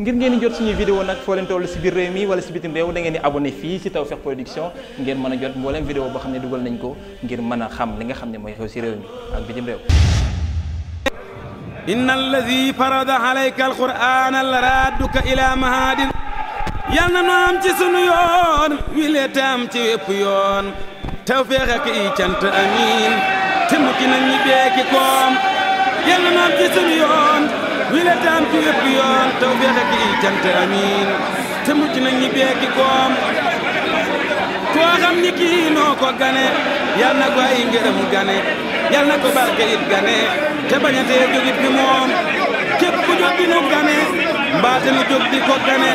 ngir ngeen jot suñu vidéo nag foo leen si biir réew mi wala si bitim réew da ngeen di abonné fii si Tawfekh Production ngeen mën a jot mbooleem vidéo boo xam ne dugal nañ ko ngir mën a xam li nga xam ne mooy xew si réew mi ak bitim réew inna alladi farada alayka alqur'ana la radduka ila mahadin yal na am ci sunu yoon wi lee taam ci wépp yoon tawfeex ak i cant amiin te mukki nag ñi beeki koom yal na nu am ci sunu yoon wi la taam ci wépp yoon taw feex ak i cant amiin te mucc nañ ñi beeki koom koo xam ni kii noo ko gane yal na ko ay ngërëm gane yal na ko barke it gane te bañ a tee jógit bi moom képp ku gane mbaate nu jóg ko gane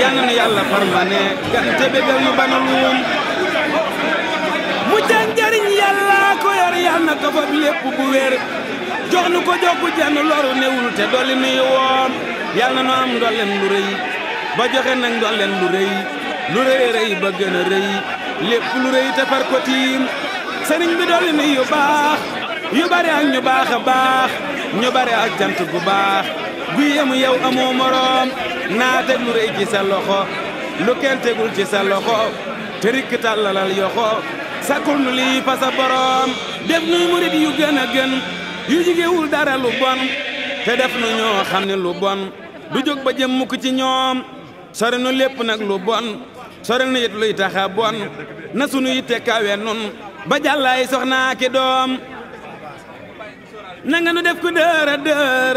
yal na nu yàlla farmane gan te bégal nu luum mu jàng ko yor yal na ko fab lépp bu wér jox nu ko jox ku jenn loru newul te dolli nuy woon yàlla na nu am ndolleen ba joxe nag ndolleen lu lu rëy rëy ba gën a rëy lépp lu rëy te far ko tiim bi dolli nuy yu baax yu bare ak ñu baax a baax ñu bare ak jant bu baax gu yemu yow amoo moroom naa teg lu rëy ci sa loxo lu kenn tegul ci sa loxo te rikk tàllalal yoxo sakul nu lii fa sa boroom def nuy murit yu gën a gën yu jigéewul dara lu bon te def nu ñoo xam ne lu bon du jóg ba jëm mukk ci ñoom sori nu lépp nag lu bon sori nu it luy taxa bon na sunu yitte kawe nun ba jàllaay soxnaa ki doom nanga nu def ko a dër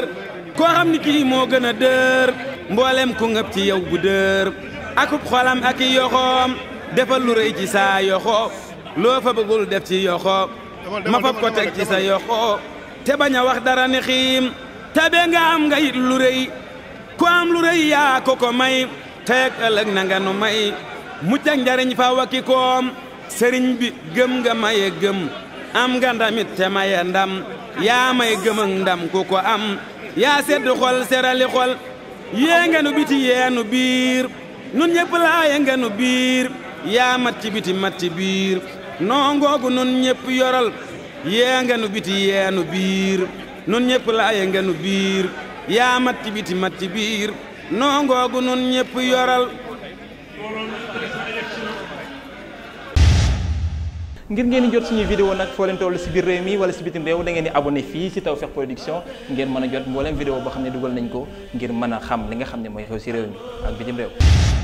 koo xam ni kii moo gën a dër mboolem ku ngëb ci yow bu dër akub xolam ak i yoxoom defal lu rëy ci saa yoxo loo fa bëggul def ci yoxo ma fab ko ci sa yoxo te bañ a wax dara ni xiim tabe nga am nga yit lu rëy am lu yaa ko ko may tey ak ëllëg na nga nu may mucc njariñ fa wakki koom sëriñ bi gëm nga maye gëm am nga ndamit te maye ndam yaa may gëm ak ndam ku ko am yaa sedd xol serali xol yée nga nu biti yee nu biir nun ñëpp laaye nga nu biir yaa mat ci biti biir noo ngoogu nun ñëpp yoral yee nga nu biti yee nu biir nun ñépp laaye nga nu biir yaa mat ci biti mat ci biir noo ngoogu nun ñépp yoral ngir ngeen di jot suñuy vidéo nag foo leen toll si biir réew mi wala si bitim réew da ngeen di abonné fii si Tawfekh Production ngeen mën a jot mbooleem vidéo boo xam ne dugal nañ ko ngir mën a xam li nga xam ne mooy xew si réew mi ak bitim réew